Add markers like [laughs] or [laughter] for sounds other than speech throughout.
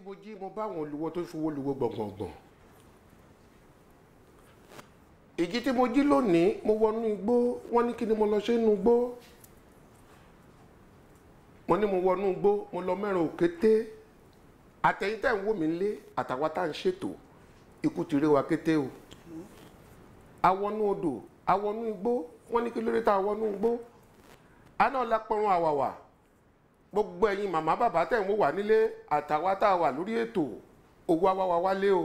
tí mo jí mo bá àwọn olùwọ tó fowó luwọ gbọ̀ngbọ̀ngbọ̀n ìjí tí mo jí lónìí mo wọnú igbó wọ́n ní kí ni mo lọ ṣe nínú igbó mo ní mo wọnú igbó mo lọ mẹ́rin òkété àtẹ̀yìn tẹ̀ ń wò mí lé àtàwa tá à ń ṣètò ikú ti rí wa kété o awọnú odò awọnú igbó wọ́n ní kí lóore tá a wọnú igbó aná ọ̀la pọ̀run àwàwà gbogbo ẹ̀yin màmá bàbá tẹ̀ ń wò wá nílé àtàwa tá a wà lórí ètò owó wa wá wálé o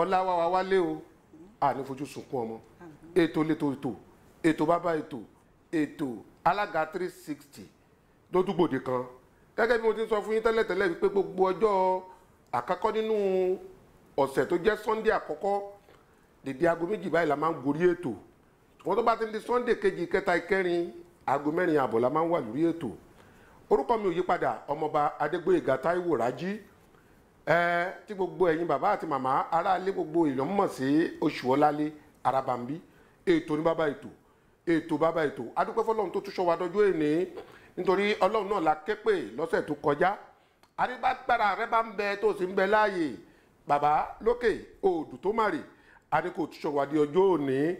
ọlá wa wá wálé o àní fojú sunkún ọmọ ètò létò ètò ètò bàbá ètò ètò alága three sixty lódúgbòde kan gẹ́gẹ́ bí mo ti sọ fún yín tẹ́lẹ̀tẹ́lẹ̀ wípé gbogbo ọjọ́ àkọ́kọ́ nínú ọ̀sẹ̀ tó jẹ́ sunday àkọ́kọ́ dèdè aago méjì báyìí la máa ń gorí ètò wọ́n tó bá ti di sunday kejì kẹta ìkẹrin aago mẹ́rin àbọ̀ la máa ń wà lórí ètò orúkọ mi ò yí padà ọmọọba adégbóyèga táíwò rájí ẹ tí gbogbo ẹ̀yin bàbá àti màmá aráalé gbogbo èèyàn mọ̀ sí Òṣùọlálé Àràbàǹbí ètò ní bàbá ètò ètò bàbá ètò adúpẹ́ fọlọ́run tó tún wa dọjọ́ èní nítorí ọlọ́run náà la ké lọ́sẹ̀ tó kọjá arígbàgbára rẹ bá ń bẹ tó sì ń bẹ láàyè bàbá lókè òòdù tó adékò wa di ọjọ́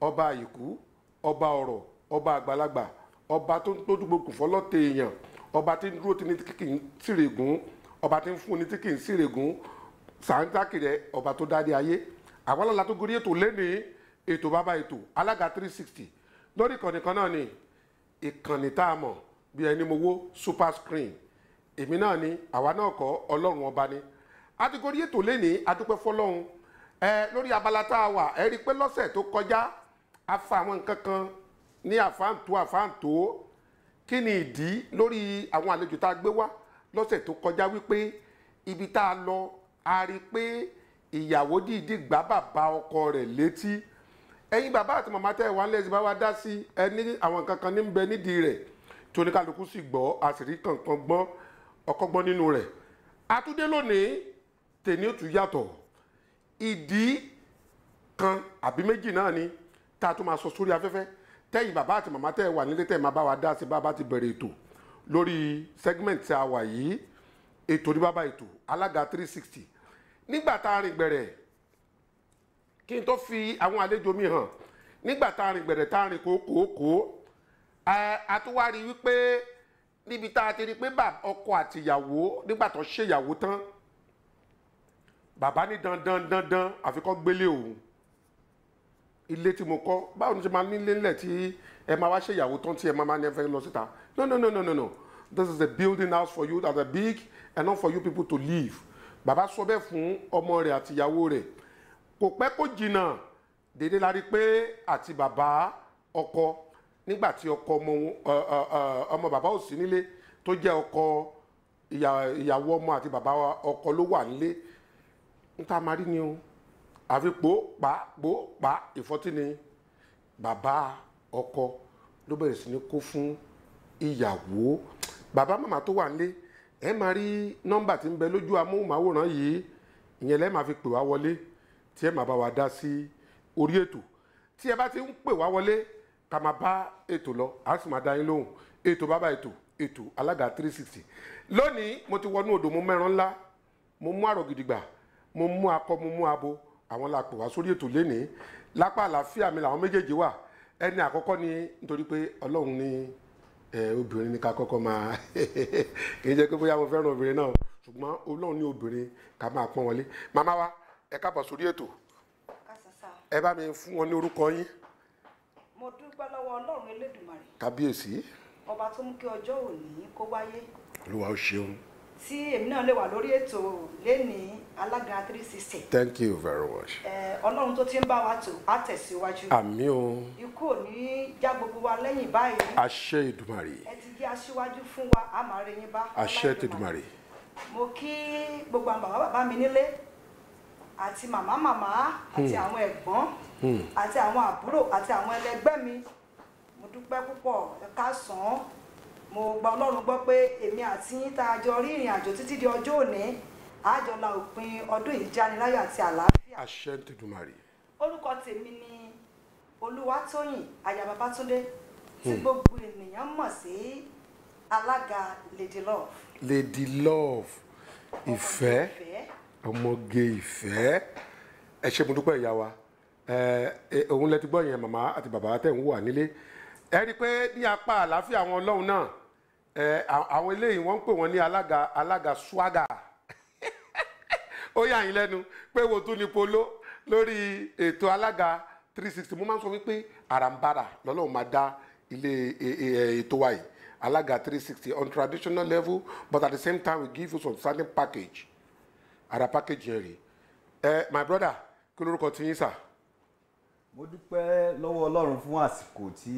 ọba àyíkú ọba ọ̀rọ̀ ọba àgbàlagbà ọba tó ń tójú gbogbo fọlọ́tẹ̀ èèyàn ọba tí ń dúró tí ní tí kì í sírègùn ọba tí ń fún ní tí kì í sírègùn sàǹtàkì rẹ ọba tó dáadé ayé àwọn tó gorí ètò lẹ́nu ètò bàbá ètò alága three sixty lórí ìkànnì kan náà ni ìkànnì tá a mọ̀ bí ẹni mowó super screen èmi náà ni àwa náà kọ́ ọlọ́run ọba ni a ti gorí ètò lẹ́nu adúpẹ́ fọlọ́run ẹ lórí abala tá a wà ẹ rí i pé lọ́sẹ̀ tó kọjá a fa àwọn nǹkan kan ní àfáǹtó àfáǹtó kí ni ìdí lórí àwọn àlejò tá a gbé wá lọ́sẹ̀ tó kọjá wípé ibi tá a lọ a rí i pé ìyàwó dìídì gbá bàbá ọkọ rẹ̀ létí ẹ̀yin bàbá àti màmá tẹ́ wà lẹ́sìn bá wá dá sí ẹ ní àwọn kankan ní ń bẹ nídìí rẹ̀ tí oníkàlùkù sì gbọ́ àṣírí kankan gbọ́n ọkọ gbọ́n nínú rẹ̀ àtúndé lónìí tèmi ò tún yàtọ̀ ìdí kan àbí méjì náà ni tá a tún máa sọ sórí afẹ́fẹ́ tẹ́yìn bàbá àti màmá tẹ́ ẹ wà nílé tẹ́ ẹ máa bá wa dá sí bàbá ti bẹ̀rẹ̀ ètò lórí segment tí a wà yìí ètò ní bàbá ètò alága 360 nígbà tá a rìn gbẹ̀rẹ̀ kí n tó fi àwọn àlejò mi hàn nígbà tá a rìn gbẹ̀rẹ̀ tá a rìn kókòókòó a tún wá rí wípé níbi tá a ti rí pé ọkọ àtìyàwó nígbà tó ṣèyàwó tán bàbá ní dandan dandan àfikọ́ gbélé òun ilé tí mo kọ́ báwo ni ṣe máa nílé ńlẹ̀ tí ẹ máa wá ṣe ìyàwó tán tí ẹ máa máa ní ẹ fẹ́ lọ síta no no no no no this is a building house for you That's a big enough for you people to live bàbá sọ bẹ́ẹ̀ fún ọmọ rẹ̀ àti ìyàwó rẹ̀ kò pẹ́ kó jìnnà dédé la rí pé àti bàbá ọkọ nígbà tí ọkọ ọmọ bàbá ò sí nílé tó jẹ́ ọkọ ìyàwó ọmọ àti bàbá ọkọ ló wà nílé ń ta máa rí ni o àfi pòópàpòópà ìfọ́tí ni bàbá ọkọ ló bẹ̀rẹ̀ sí ní kó fún ìyàwó bàbá màmá tó wà nílé ẹ máa rí nọ́mbà tí ń bẹ lójú amóhùnmáwòrán yìí ìyẹn lẹ́ẹ̀ máa fi pè wá wọlé tí ẹ máa bá wa dá sí orí ètò tí ẹ bá ti ń pè wá wọlé ká máa bá ètò lọ a sì máa dá yín lóhùn ètò bàbá ètò ètò alága 360 lónìí mo ti wọnú odò mo mẹ́ran ńlá mo mú àrò mo mú akọ mo mú abo àwọn la pè wá sórí ètò lénìí lápá àlàáfíà mi làwọn méjèèjì wà ẹni àkọ́kọ́ ni nítorí pé ọlọ́run ní obìnrin ní ká kọ́kọ́ máa [laughs] kì í jẹ́ pé bóyá mo fẹ́ràn obìnrin náà ṣùgbọ́n ọlọ́run ní obìnrin ká máa pọ́n wọlé màmá wa ẹ káàbọ̀ sórí ètò ẹ bá mi fún wọn ní orúkọ yín. mo dúpẹ́ lọ́wọ́ ọlọ́run elédùmarè. kábíyèsí. ọba tó mú kí ọjọ́ òní kó wáyé. olúwa ó ṣeun tí èmi náà lè wà lórí ètò lénìí alága three thank you very much. ọlọ́run tó ti ń bá wa tò á tẹ̀síwájú. àmì o. ikú ò ní já gbogbo wa lẹ́yìn báyìí. àṣẹ ìdùmarè. ẹ ti jẹ́ aṣíwájú fún wa a máa rí bá. àṣẹ ìdùmarè. mo kí gbogbo àwọn bàbá bàbá mi nílé àti màmá màmá àti hmm. àwọn ẹ̀gbọ́n hmm. àti àwọn àbúrò àti àwọn ẹlẹgbẹ́ mi mo dúpẹ́ púpọ̀ ẹ káàsán mo gba ọlọ́run gbọ́ pé èmi àti yín tá a jọ rí ìrìn àjò títí di ọjọ́ òní àjọ la òpin ọdún ìjániláyọ̀ àti àlàáfíà. àṣẹ ń orúkọ tèmi ni olúwatóyìn aya babátúndé tí hmm. gbogbo ènìyàn mọ̀ sí alága lady love. lady love ìfẹ́ ọmọge ìfẹ́ ẹ ṣé mo dúpẹ́ ìyá wa òun lẹ ti gbọ́ yẹn màmá àti bàbá tẹ̀ ń wà nílé ẹ rí i pé ní apá àlàáfíà àwọn ọlọ́run náà àwọn eléyìí wọ́n ń pè wọ́n ní alága alága swaga [laughs] ó yà yín lẹ́nu pé wo tún ni polo lórí ètò alága three sixty mo máa ń sọ wípé àràǹbarà lọ́lọ́run máa dá ilé e, e, e, ètò wa yìí alága three sixty on traditional level but at the same time we give you some certain package ara package yẹn rèé my brother kí lórúkọ tí yín sà mo dúpẹ́ lọ́wọ́ ọlọ́run fún àsìkò tí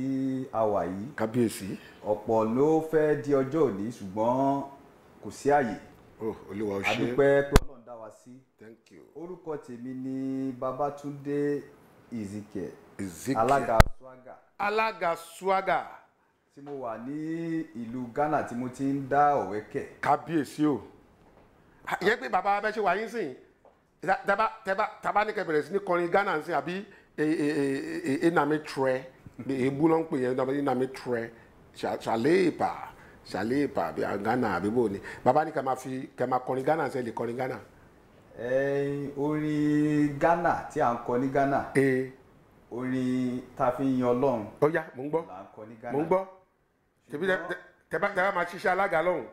a wà yìí. kábíyèsí. ọ̀pọ̀ ló fẹ́ di ọjọ́ òní ṣùgbọ́n kò sí àyè. oh olúwa ó ṣé. a dúpẹ́ pé ọlọ́run dá wa sí. thank you. orúkọ tèmi ni babatunde ezekiel. ezekiel Alaga swaga. Alaga swaga. tí mo wà ní ìlú ghana tí mo ti ń dá ọ̀wẹ́ kẹ̀. kábíyèsí o. yẹ pé bàbá abẹ́ ṣe wà yín sìn tàbá ní kẹbẹ̀rẹ̀ sí ní kọrin ghana sí àbí ename e, e, e, trɛ ebu lɔ nkpɛ yɛ ename trɛ salepa salepa ghana abibo ni baba ni kama fi kama kɔrin ghana sɛ le kɔrin ghana. Eh, orin ghana tí a ń kọ ní ghana eh. orin ta fi ń yan ọlọ́run. ó yá mò ń gbọ́ mò ń gbọ́ tẹbi tẹbá máa ṣiṣẹ́ alága lọ́hùn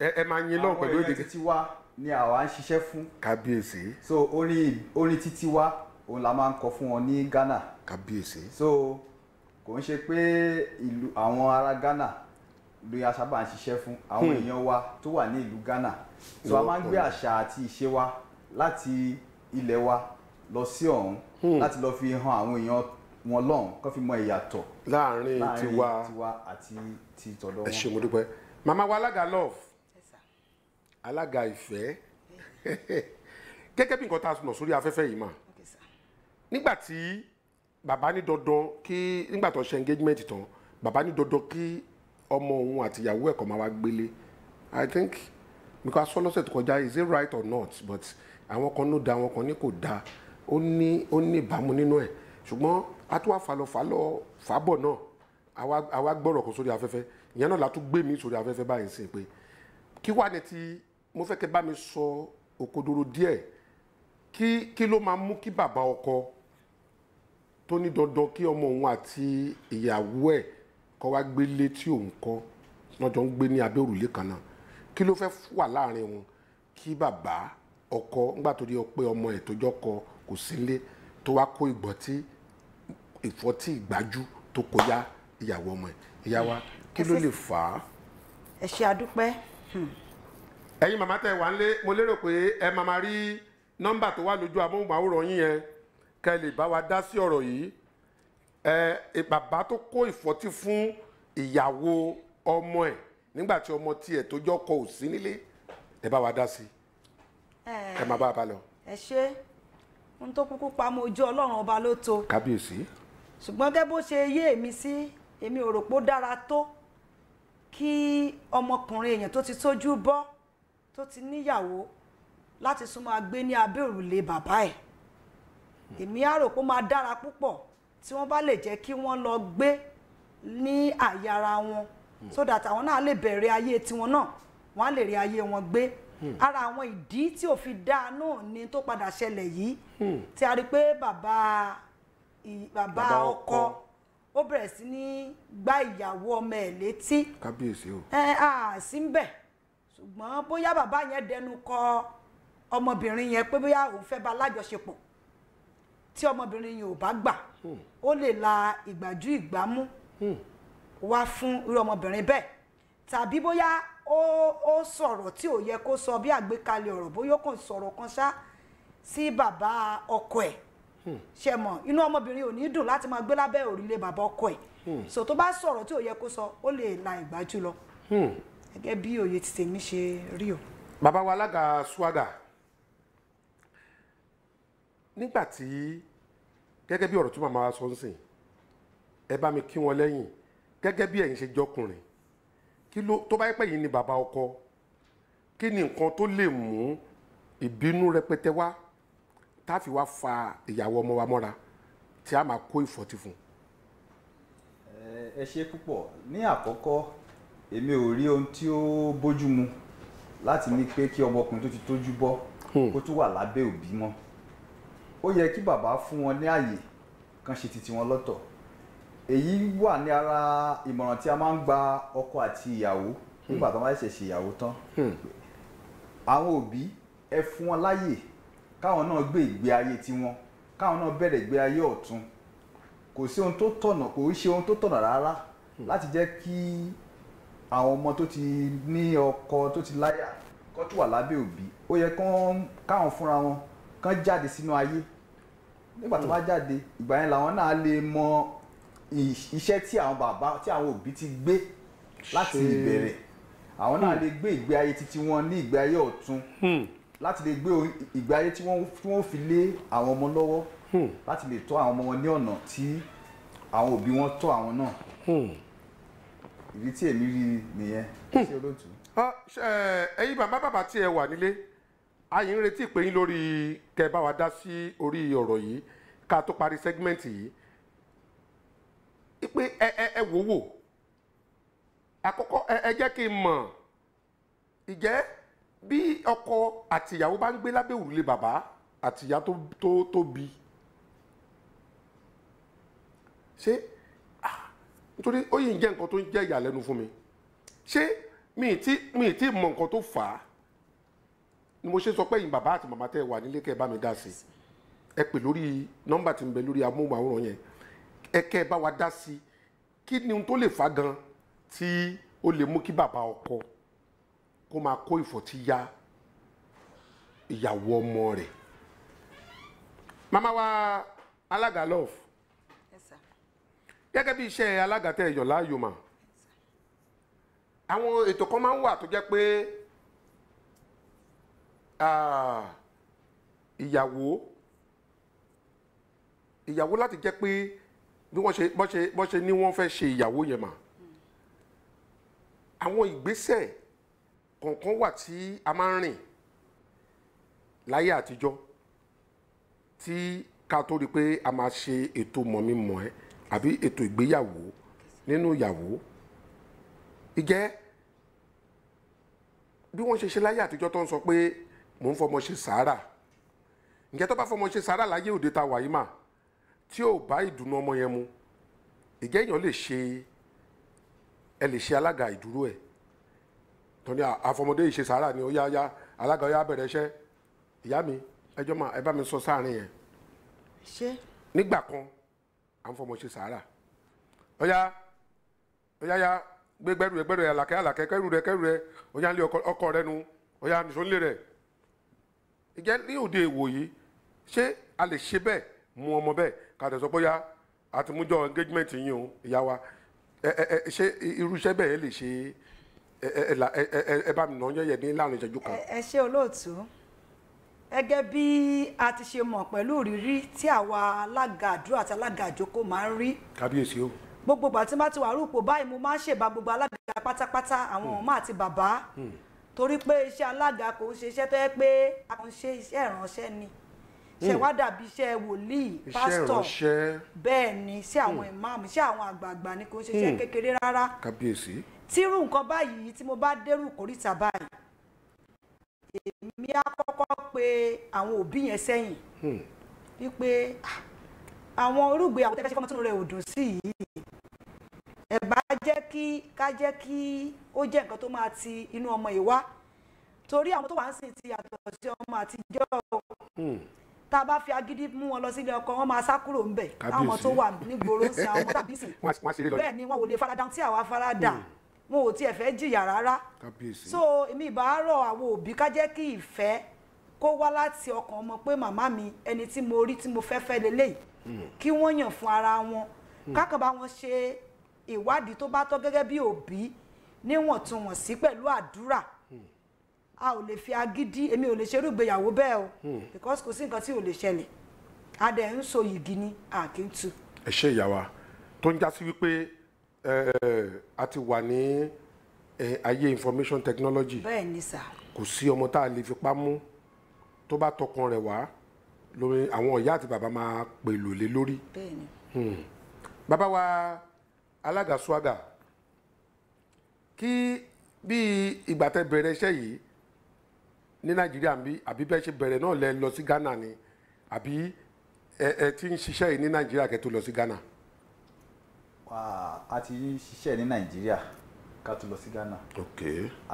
ẹ máa yin lọ́hùn pẹ̀lú èdè. àwọn orin títí wa ni àwa ń ṣiṣẹ́ fún. kábíyèsí. so orin orin títí òun la máa ń kọ fún wọn ní Ghana. kábíyèsí. so kò ń ṣe pé ìlú àwọn ará Ghana ló yà sábà ń ṣiṣẹ́ fún àwọn hmm. èèyàn wa tó wà ní ìlú Ghana so a máa ń gbé àṣà àti ìṣe wa láti ilẹ̀ wa lọ sí ọ̀hún hmm. láti lọ fi hàn àwọn èèyàn wọn lọ́hùn kó fi mọ ìyàtọ̀ láàrin tiwa àti ti tọ̀dọ̀ wọn. ẹ ṣé mo dúpẹ́ màmá wa alága love alága ìfẹ́ [laughs] gẹ́gẹ́ bí nǹkan tá a sọ sórí afẹ́fẹ́ yìí mà nígbà tí bàbá ní dandan kí nígbà tó ṣe engagement tán bàbá ní dandan kí ọmọ òun àti ìyàwó ẹ̀kọ́ máa wá gbélé i think because sọ lọ́sẹ̀ tó kọjá is it right or not but àwọn kan ló da àwọn kan ní kò da ó ní ó ní ìbámu nínú ẹ̀ ṣùgbọ́n a tún wá falọ̀ falọ̀ fàbọ̀ náà àwa gbọ́rọ̀ kan sórí afẹ́fẹ́ ìyẹn náà la tún gbé mi sórí afẹ́fẹ́ báyìí sí pé kí wá ni ti mo fẹ́ kẹ́ bá mi sọ òkodoro díẹ̀ kí kí ló máa mú kí bàbá ọkọ tó ní dandan kí ọmọ òun àti ìyàwó ẹ̀ kó wá gbélé tí òun kọ́ lọ́jọ́ ń gbé ní abẹ́ òrùlé kan náà kí ló fẹ́ wà láàrin wọn kí bàbá ọkọ ńgbà tó di ọpẹ ọmọ ẹ̀ tó jọkọ kò sílé tó wá kó ìgbọ̀tí ìfọ́tí ìgbájú tó kọjá ìyàwó ọmọ ẹ̀ ìyá kí ló lè fà á. ẹ ṣe àdúpẹ́. Hmm. ẹ̀yin màmá tẹ́ wà ń lé mo lérò pé ẹ máa máa rí nọ́mbà tó wà lójú amóhùnmáwòrán yín yẹn kẹ́ lè bá wa dá sí ọ̀rọ̀ yìí ẹ bàbá tó kó ìfọ́tí fún ìyàwó ọmọ ẹ̀ nígbà tí ọmọ tiẹ̀ tó jọ kọ ò sí nílé ẹ bá wa dá sí ẹ má bá a bá lọ. ẹ ṣe ohun tó kúkú pa mọ́ ojú ọlọ́run ọba ló tó. kábíyèsí. ṣùgbọ́n gẹ́gẹ́ bó ṣe yé èmi sí èmi ò rò pé ó dára tó kí ọmọkùnrin èèyàn tó ti tójú bọ́ tó ti níyàwó láti súnmọ́ agbé ní abẹ́ òrùlé bàbá ẹ̀ èmi á rò pé ó máa dára púpọ̀ tí wọ́n bá lè jẹ́ kí wọ́n lọ gbé ní àyè wọn hmm. so that àwọn náà lè bẹ̀rẹ̀ ayé tiwọn náà wọ́n á lè rí ayé wọn gbé hmm. ara àwọn ìdí tí ò fi dáa náà ni tó padà ṣẹlẹ̀ yìí hmm. tí a rí pé bàbá bàbá ọkọ ó bẹ̀rẹ̀ sí ní gbá ìyàwó ọmọ ẹ̀ létí kábíyèsí o ẹ à sí ń bẹ̀ ṣùgbọ́n bóyá bàbá yẹn dẹnu kọ ọmọbìnrin yẹn pé bóyá òun fẹ́ bá lájọṣepọ̀ tí ọmọbìnrin yìí ò bá gbà hmm. ó lè la ìgbájú ìgbámú hmm. wá fún irú ọmọbìnrin bẹ́ẹ̀ tàbí bóyá ó sọ̀rọ̀ tí ò yẹ kó sọ bí àgbékalẹ̀ ọ̀rọ̀ bóyá ó kàn sọ̀rọ̀ kan ṣá sí bàbá ọkọ ẹ̀ hmm. ṣe mọ̀ inú ọmọbìnrin ò ní dùn láti máa gbé lábẹ́ òrùlé bàbá ọkọ ẹ̀ so tó bá sọ̀rọ̀ tí ò yẹ kó sọ ó lè la ìgbájú lọ gẹ́gẹ́ bí òye ti tèmi ṣe rí o. bàbá wa alága swaga nígbà tí gẹ́gẹ́ bí ọ̀rọ̀ tí màmá wa sọ ń sìn ẹ bá mi kí wọn lẹ́yìn gẹ́gẹ́ bí ẹ̀yin ṣe jọkùnrin kí ló tó bá yẹ pé yìí ni bàbá ọkọ kí ni nǹkan tó lè mú ìbínú rẹpẹtẹ wá tá a fi wá fa ìyàwó ọmọ wa mọ́ra tí a máa kó ìfọ̀tí fún. ẹ ṣe púpọ̀ ní àkọ́kọ́ èmi ò rí ohun tí ó bójú mu láti ní pé kí ọmọkùnrin tó ti tójú bọ́ hmm. kó tún wà lábẹ́ òbí mọ́ ó yẹ kí bàbá fún wọn ní àyè kan ṣe titi wọn lọ́tọ̀ èyí wà ní ara ìmọ̀ràn tí a máa ń gba ọkọ àti ìyàwó nígbà tó máa ṣẹ̀ṣẹ̀ ìyàwó tán hmm. àwọn òbí ẹ fún wọn láyè káwọn náà gbé ìgbé ayé tiwọn káwọn náà bẹ̀rẹ̀ ìgbé ayé ọ̀tun kò sí ohun tó tọ̀nà kò í ṣe ohun tó tọ̀nà rárá hmm. láti jẹ́ kí àwọn ọmọ tó ti ní ọkọ tó ti láyà kó tó wà lábẹ́ òbí ó yẹ káwọn fúnra wọn kán jáde sínú ayé nígbà tó bá hmm. jáde ìgbà yẹn làwọn náà lè mọ iṣẹ́ tí àwọn bàbá tí àwọn òbí ti gbé láti ìbẹ̀rẹ̀ àwọn náà hmm. lè gbé ìgbé ayé títí wọn ní ìgbé ayé ọ̀tun hmm. láti lè gbé ìgbé ayé tí wọ́n fi lé àwọn ọmọ lọ́wọ́ láti lè tọ́ àwọn ọmọ wọn ní ọ̀nà tí àwọn òbí wọn tọ́ àwọn náà ìdí tí èmi rí nìyẹn ṣé olóòtú. Ah, ẹ̀yin bàbá bàbá tí ẹ wà nílé a yìí ń retí ìpè yín lórí kẹ́ bá wa dá sí orí ọ̀rọ̀ yìí ká tó parí sẹ́gmẹ́ǹtì yìí pé ẹ ẹ ẹ wò wò àkọ́kọ́ ẹ ẹ jẹ́ kí n mọ̀ ìjẹ́ bí ọkọ àtìyàwó bá ń gbé lábẹ́ òrùlé bàbá àtìyá tó tó tó bí ṣé nítorí ó yìí ń jẹ́ nǹkan tó ń jẹ́ ìyàlẹ́nu fún mi ṣé mi ì tí mi ì tí mọ̀ nǹkan tó fà á ni mo ṣe sọ pé yín bàbá àti màmá tẹ́ wà nílé kẹ́ ẹ bá mi dá sí ẹ pè lórí nọ́mbà tí ń bẹ lórí amóhùnmáwòrán yẹn ẹ kẹ́ bá wa dá sí kí ni ohun tó lè fa gan tí ó lè mú kí bàbá ọkọ kó máa kó ìfọ̀tí ya ìyàwó ọmọ rẹ̀ màmá wa alága love gẹ́gẹ́ bí iṣẹ́ alága tẹ́ ẹ yàn láàyò mà àwọn ètò kan máa ń wà tó jẹ́ pé. Ah, ìyàwó ìyàwó láti jẹ́ pé bí wọ́n ṣe bọ́ ṣe bọ́ ṣe ní wọ́n fẹ́ ṣe ìyàwó yẹn mà àwọn ìgbésẹ̀ kọ̀ọ̀kan wà tí a máa ń rìn láyé àtijọ́ tí ká tó rí i pé a máa ṣe ètò mọ̀mímọ̀ ẹ́ àbí ètò ìgbéyàwó nínú ìyàwó ìjẹ́ bí wọ́n ṣe ṣe láyé àtijọ́ tó ń sọ pé mò ń fọmọ ṣe sàárà ǹjẹ́ tó bá fọmọ ṣe sàárà láyé òde ta wàyí mà tí ò bá ìdùnnú ọmọ yẹn mu ìjẹ́ èèyàn lè ṣe ẹ lè ṣe alága ìdúró ẹ̀ tọ́ni àfọmọdé yìí sàárà ni ó yá yá alága ó yá bẹ̀rẹ̀ iṣẹ́ ìyá mi ẹjọ́ máa ẹ bá mi sọ sáàrin yẹn. ṣé. nígbà kan à ń fọmọ ṣe sàárà ó yá ó yá yá gbẹgbẹrù rẹ gbẹrù rẹ àlàkẹ́ àlàkẹ́ kẹrù rẹ kẹrù rẹ ó yá ń lé ọkọ rẹ nu ó yá nìṣó ń lé rẹ ǹjẹ́ ní òde ìwòyí ṣé a lè ṣe bẹ́ẹ̀ mú ọmọ bẹ́ẹ̀ kàdé sọ bóyá àtìmújọ engagement yín o ìyá wa ṣé irúṣẹ́ bẹ́ẹ̀ lè ṣe ẹ bá mi nà yẹ̀yẹ̀ ní láàrin ìṣẹ́jú kan. ẹ ṣe olóòtú gẹ́gẹ́ bí a ti ṣe mọ̀ pẹ̀lú ìrírí tí àwa alága àdúrà àti alága àjókòó máa ń rí. kábíyèsí o gbogbo ìgbà tí n bá ti wà rúpò báyìí mo máa ń ṣèbá gbogbo alága pátápátá àwọn hmm. ọmọ àti bàbá. Hmm torí pé iṣẹ́ alága kò ń ṣe iṣẹ́ tó yẹ pé a kò ń ṣe iṣẹ́ ìránṣẹ́ ni ṣe hmm. wá dàbí iṣẹ́ wòlíì pásítọ̀ bẹ́ẹ̀ ni sí àwọn hmm. ìmáàmù sí àwọn àgbààgbà ni kò ń ṣe iṣẹ́ hmm. kékeré rárá kábíyèsí tírú nǹkan báyìí tí mo bá dẹ́rù kórìtà báyìí èmi á kọ́kọ́ pe àwọn òbí yẹn sẹ́yìn wípé ah, àwọn orúgbìn àwọn tẹ́fẹ́ ṣe fọ́mọ́tún rẹ̀ ò dùn sí yìí ẹ bá jẹ́ kí ká jẹ́ kí ó jẹ́ nǹkan tó máa ti inú ọmọ yìí wá torí àwọn tó wà ń sìn ti yàtọ̀ sí ọmọ àtijọ́ hmm. tá a bá fi agídí mú wọn lọ sílé ọkọ wọn máa sá kúrò ńbẹ̀ àwọn tó wà nígboro ń sin àwọn ọmọ tàbí sìn bẹ́ẹ̀ ni wọn ò lè farada tí àwa farada hmm. wọn ò tiẹ̀ fẹ́ jìyà rárá so èmi ìbá rọ̀ àwọn òbí ká jẹ́ kí ìfẹ́ kó wá láti ọkàn ọmọ pé màmá mi ẹni tí mo rí tí mo fẹ́ fẹ́ lélẹ́yìí hmm. kí wọ́n yàn fún ara wọn kákan bá wọn ṣe ìwádìí tó bá tọ́ gẹ́gẹ́ bí òbí níwọ̀ntúnwọ̀nsí pẹ̀lú àdúrà hmm. a ò lè fi agídí èmi ò lè ṣerú ìgbéyàwó bẹ́ẹ̀ o hmm. because kò sí nǹkan tí ò lè ṣẹlẹ̀ a dẹ̀ ń so yìgì ni a kì í tu. ẹ ṣe ìyá wa tó ń já sí wípé a ti wà ní ayé information technology bẹ́ẹ̀ ni sà kò sí ọmọ tá a lè fipá mú tó bá tọkàn rẹ̀ wá lórí àwọn ìyá àti bàbá máa pèlò lé lórí. Hmm. bàbá wa alága swaga kí bí ìgbà tẹ́ bẹ̀rẹ̀ iṣẹ́ yìí ní nàìjíríà ń bí àbí bẹ́ẹ̀ ṣe bẹ̀rẹ̀ náà lẹ lọ sí ghana ni àbí ẹ ẹ ti ń ṣiṣẹ́ yìí ní nàìjíríà kẹ́ lọ sí ghana. wàá a ti ń ṣiṣẹ́ ní nàìjíríà ká tó lọ sí ghana. ok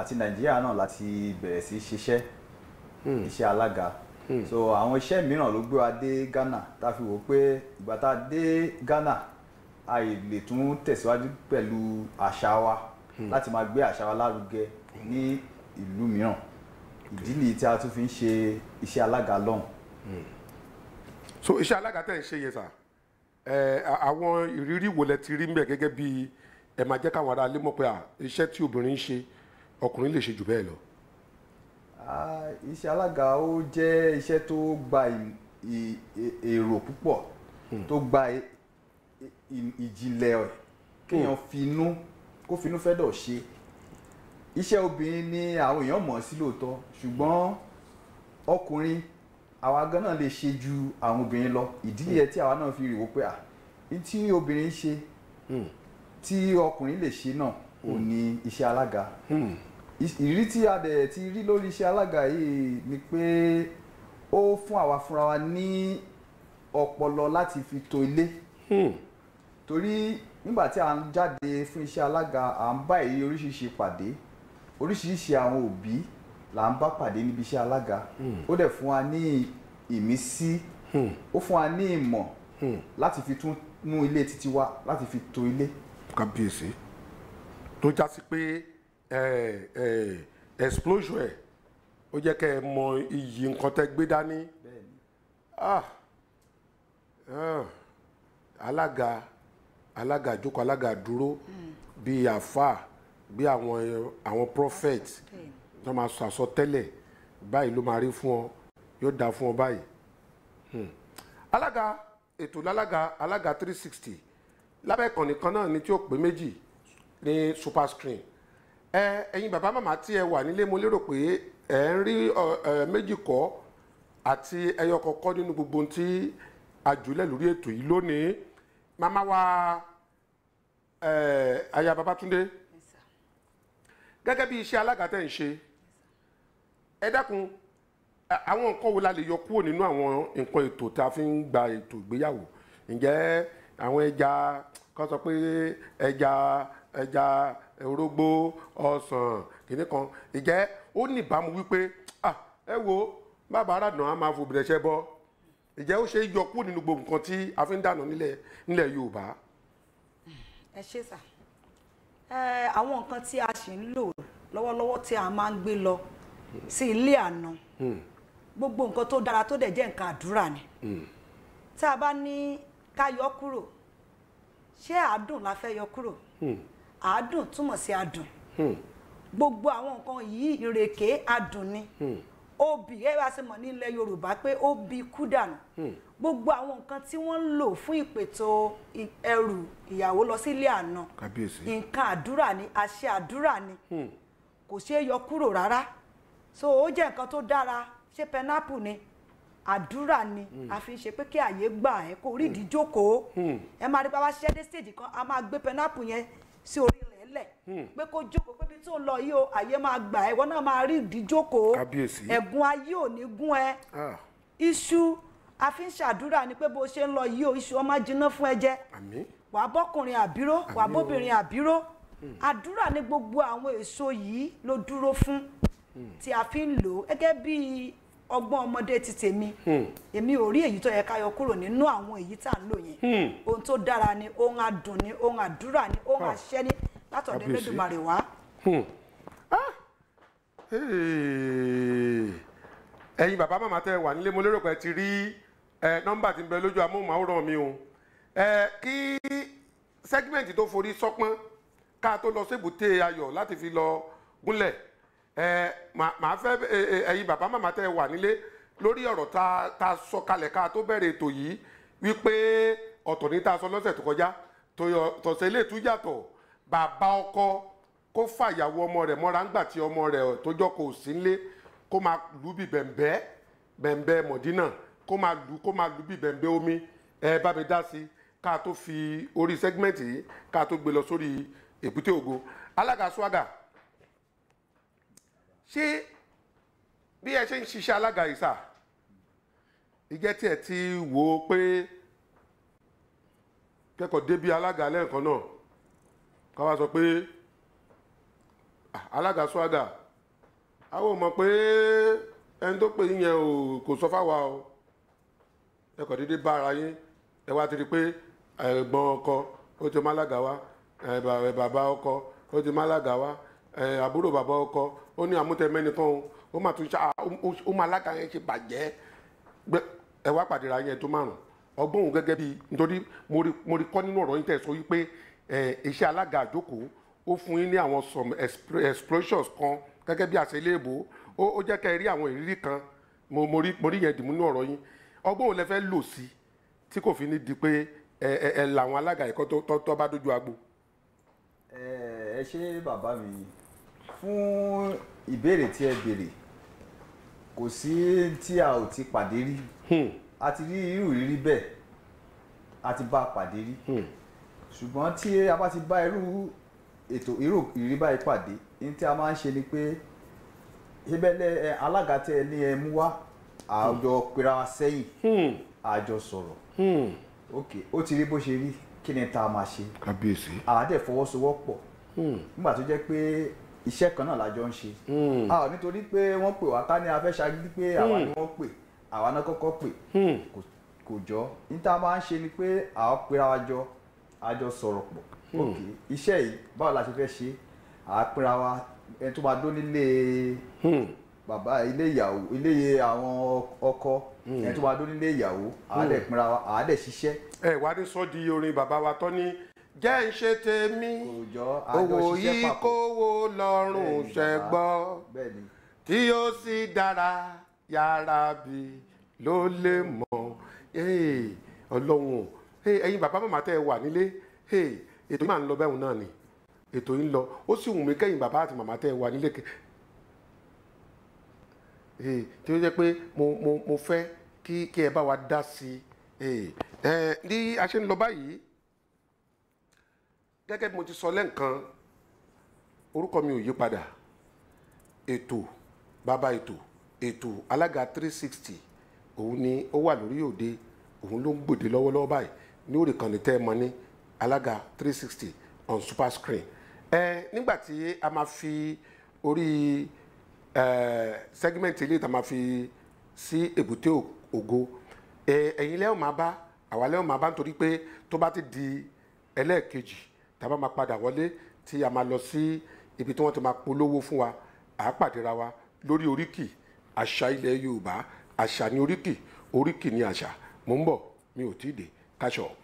àti nàìjíríà náà láti bẹ̀rẹ̀ sí ṣiṣẹ́ hmm. iṣẹ́ alága hmm. so àwọn iṣẹ́ mìíràn ló gbé wa dé ghana tá a fi wò pé ìgbà tá a dé ghana a lè tún tẹ̀síwájú pẹ̀lú àṣà wa hmm. láti máa gbé àṣà wa lárugẹ ní ìlú mìíràn ìdí nìyí tí a tún fi ń ṣe iṣẹ́ alága lọ́hùn. Hmm. so iṣẹ́ alága tẹ̀ ń ṣe yẹn sà àwọn ìrírí wo lẹ ti rí mbẹ gẹ́gẹ́ bí ẹ máa jẹ́ káwọn aráalé mọ̀ pé iṣẹ́ tí obìnrin ń ṣe ọkùnrin lè ṣe jù bẹ́ẹ̀ lọ. iṣẹ́ alága ó jẹ́ iṣẹ́ tó gba èrò púpọ̀ hmm. tó gba ìjìnlẹ̀ ẹ̀ kéèyàn hmm. finú kó finú fẹ́ dọ̀ ṣe iṣẹ́ obìnrin ni àwọn èèyàn mọ̀ sí lóòótọ́ ṣùgbọ́n ọkùnrin àwa gan náà lè ṣe ju àwọn obìnrin lọ ìdí hmm. nìyẹn tí àwa náà fi rìwò pé à tí obìnrin ṣe hmm. tí ọkùnrin lè ṣe náà ò ní iṣẹ́ alága ìrírí tí a dẹ̀ ti rí lórí iṣẹ́ alága yìí ni pé ó fún àwa fúnra wa ní ọpọlọ láti fi tò ilé. Hmm torí nígbà tí a ń jáde fún iṣẹ́ alága à ń bá èyí oríṣiríṣi pàdé oríṣiríṣi àwọn òbí là ń bá pàdé níbi iṣẹ́ alága hmm. ó dẹ̀ fún wa ní ìmísí hmm. ó fún wa ní ìmọ̀ hmm. láti fi tún nú ilé títí wa láti fi tò ilé. kábíyèsí tó já sí pé explosion ẹ̀ ó jẹ́ kẹ́ ẹ mọ iyì nǹkan tẹ́ gbé dání ah, ah, alága alága àjókòó alága àdúró hmm. bíi àfà bíi àwọn àwọn prophet tó máa sọ àsọtẹ́lẹ̀ báyìí ló máa rí fún ọ yóò dáa fún ọ báyìí hmm. alága ètò lálága alága three sixty lábẹ́ ìkànnì kan náà ni tí ó pé méjì ní super screen ẹ ẹ̀yin bàbá màmá tí ẹ wà nílé mo lérò pé ẹ ń rí méjì kọ́ àti ẹyọ kọ̀ọ̀kan nínú gbogbo tí àjùlẹ̀ lórí ètò yìí lónìí Mama wa eh, aya Babátúndé gẹ́gẹ́ bí iṣẹ́ alága tẹ́ ń ṣe ẹ dákun àwọn nǹkan wo la lè yọ kúrò nínú àwọn nǹkan ètò tá a fi ń gba ètò ìgbéyàwó ǹjẹ́ àwọn ẹja kan sọ pé ẹja ẹja orógbó ọsàn kìíní kan ǹjẹ́ ó ní ìbámu wípé ẹ wo bàbá aráàlú náà á máa fò bìrẹ̀ ṣẹ́ bọ́ ìjẹ́ ó ṣe é yọ kúrò nínú gbogbo nǹkan tí a fi ń dànù nílẹ̀ nílẹ̀ Yorùbá. ẹ ṣe sà àwọn nǹkan tí a sì ń lò lọ́wọ́lọ́wọ́ tí a máa ń gbé lọ sí ilé àná hmm. gbogbo nǹkan tó dára tó dẹ̀ jẹ́ nǹkan àdúrà ni hmm. tá a bá ní ká yọ kúrò ṣé àádùn la fẹ́ yọ kúrò hmm. àádùn túmọ̀ sí adùn gbogbo àwọn nǹkan yìí ìrèké adùn ni. Hmm obì ẹ bá ṣe mọ̀ nílẹ̀ yorùbá pé obì kú dànù hmm. gbogbo àwọn nǹkan tí wọ́n ń lò fún ìpètò ẹrù ìyàwó lọ sílé àná nǹkan àdúrà ni àṣẹ àdúrà ni hmm. kò ṣeé yọ kúrò rárá so ó jẹ́ nǹkan tó dára ṣé pineapple ni àdúrà ni hmm. a fi ń ṣe pé kí àyè gbà ẹ kó rí ìdíjókòó ẹ máa rí bá wá ṣiṣẹ́ dé stage kan a máa gbé pineapple yẹn sí orí tẹ́lẹ̀ hmm. pé kó jókòó pé bí tó ń lọ yìí o àyè máa gbà ẹ̀ wọ́n náà máa rí ìdíjókòó ẹ̀gún ayé ò gún ẹ ah. iṣu a ṣàdúrà ni pé bó ṣe ń lọ yìí o iṣu ọmọ jiná fún ẹ jẹ wàá bọ́kùnrin àbíró wàá bóbìnrin àbíró hmm. àdúrà ni gbogbo àwọn èso yìí ló dúró fún hmm. tí a fi ń lò ó gẹ́gẹ́ bí ọgbọ́n ọmọdé ti tèmi èmi ò rí èyí tó yẹ ká yọ kúrò nínú àwọn èyí tá à ń lò yẹn ohun tó dára ni ohun adùn ni ohun àdúrà ni ohun ah. àṣẹ ni látọ̀dọ̀ Elédùmarè wá. Hmm. Ah. ẹ̀yin bàbá màmá tẹ́ wà nílé mo lérò pé ti rí nọ́mbà tí ń bẹ lójú amóhùnmáwòrán mi o kí sẹ́gímẹ̀ntì tó forí sọ́pọ́n ká tó lọ sébùté ayọ̀ láti fi lọ gúnlẹ̀ màá fẹ́ ẹ̀yin bàbá màmá tẹ́ wà nílé lórí ọ̀rọ̀ tá a sọ kalẹ̀ ká tó bẹ̀rẹ̀ ètò yìí wípé ọ̀tọ̀ ní tá a sọ lọ́sẹ̀ tó kọjá tọ̀sẹ̀ lè tún yàtọ̀ bàbá ọkọ kó fàyàwó ọmọ rẹ̀ mọ́ra ńgbà tí ọmọ rẹ̀ tójọ́ kò sí ńlé kó máa lù bí bẹ̀m̀bẹ́ bẹ̀m̀bẹ́ mọ̀dínà kó máa lù kó máa lù bí bẹ̀m̀bẹ́ omi ẹ bá mi dá sí ká tó fi orí sẹ́gímẹ́ǹtì yìí ká tó gbé lọ sórí èbúté ògo alága swaga ṣé bí ẹ ṣe ń ṣiṣẹ́ alága yìí sà ìjẹ́ tí ẹ ti wò ó pé kẹ́kọ̀ọ́ débi alága lẹ́ẹ̀kan náà ká wá sọ pé ah, alága swaga àwọn ò mọ̀ pé ẹni tó pè kò sọ fáwa o ẹ kàn déédéé bá ara yín ẹ wá ti rí pé ẹ̀gbọ́n ọkọ ó ti mọ alága wa bàbá ọkọ ó ti mọ alága wa àbúrò bàbá ọkọ ó ní o ó mà tún ṣá ó mà alága yẹn ṣe ẹ wá pàdé ra yẹn tó márùn ọgbọ́n gẹ́gẹ́ nítorí iṣẹ́ alága àjókòó ó fún yín ní àwọn some explosions kan gẹ́gẹ́ bí àṣẹléèbó ó jẹ́ kẹ́ ẹ rí àwọn ìrírí kan mo rí yẹn dìmú ní ọ̀rọ̀ yín ọgbọ́n òun lẹ fẹ́ lò sí tí kò fi ní di pé ẹ ẹ làwọn alága ẹ̀kọ́ tó bá dójú agbo. ẹ ṣe bàbá mi fún ìbéèrè tí ẹ béèrè kò sí tí a ò ti pàdé rí hmm. a ti rí irú ìrírí bẹ́ẹ̀ a ti bá a pàdé rí. Hmm ṣùgbọ́n tí a bá ti bá irú ètò irú ìrìbá ìpàdé ní tí a máa ń ṣe ni pé ìbẹ̀lẹ̀ alága tẹ́ ẹ ní ẹ mú wá àjọ hmm. pera sẹ́yìn àjọ hmm. sọ̀rọ̀ hmm. ok ó ti rí bó ṣe rí kí ni tá a máa ṣe kábíyèsí àádẹ́ fọwọ́sowọ́pọ̀ nígbà tó jẹ́ pé iṣẹ́ kan náà lájọ ń ṣe nítorí pé wọ́n pè wá ká ní a fẹ́ pé àwa ni wọ́n pè àwa náà kọ́kọ́ pè kò jọ ní tá a máa ń ṣe ni pé àá pera wa jọ a jọ sọ̀rọ̀ pọ̀ hmm. ok iṣẹ́ yìí báwo la ṣe fẹ́ ṣe àpẹẹrẹ wa ẹni tó máa dó nílé hmm. bàbá ilé ìyàwó ilé àwọn ọkọ hmm. ẹni tó máa dó nílé ìyàwó àádẹ́ pinra wa àádẹ́ ṣiṣẹ́. ẹ wá ní sọ di orin bàbá wa tọ́ ní jẹ́ ń ṣe tèmi owó yìí kówó lọ́rùn ṣẹ́gbọ́ tí ó sì dára yàrá bí ló lè mọ̀ ọlọ́run ẹ̀yin bàbá màmá tẹ́ ẹ wà nílé ètò yìí máa ń lọ bẹ́ẹ̀ náà ni ètò yìí ń lọ ó sì wù mí kẹ́yìn bàbá àti màmá tẹ́ ẹ wà nílé tí ó jẹ́ pé mo mo mo fẹ́ kí kí ẹ bá wa dá sí i ní a ṣe ń lọ báyìí gẹ́gẹ́ bí mo ti sọ lẹ́ǹkan orúkọ mi ò yí padà ètò bàbá ètò ètò alága 360 òun ni ó wà lórí òde òun ló ń gbòde lọ́wọ́lọ́wọ́ báyìí lórí ìkànnì tẹ́ ẹ mọ̀ ní alága 360 on super screen ẹ nígbà tí a máa fi orí ẹ segment ilé ìta máa fi sí èbúté ògo ẹ̀yin lẹ́wọ̀n máa bá àwa lẹ́wọ̀n máa bá nítorí pé tó bá ti di ẹlẹ́ẹ̀kejì tàbá máa padà wọlé tí a máa lọ sí ibi tí wọ́n ti máa polówó fún wa àápàdéra wa lórí oríkì àṣà ilẹ̀ Yorùbá àṣà ni oríkì oríkì ni àṣà mò ń bọ̀ mi ò tí ì dé. 箇所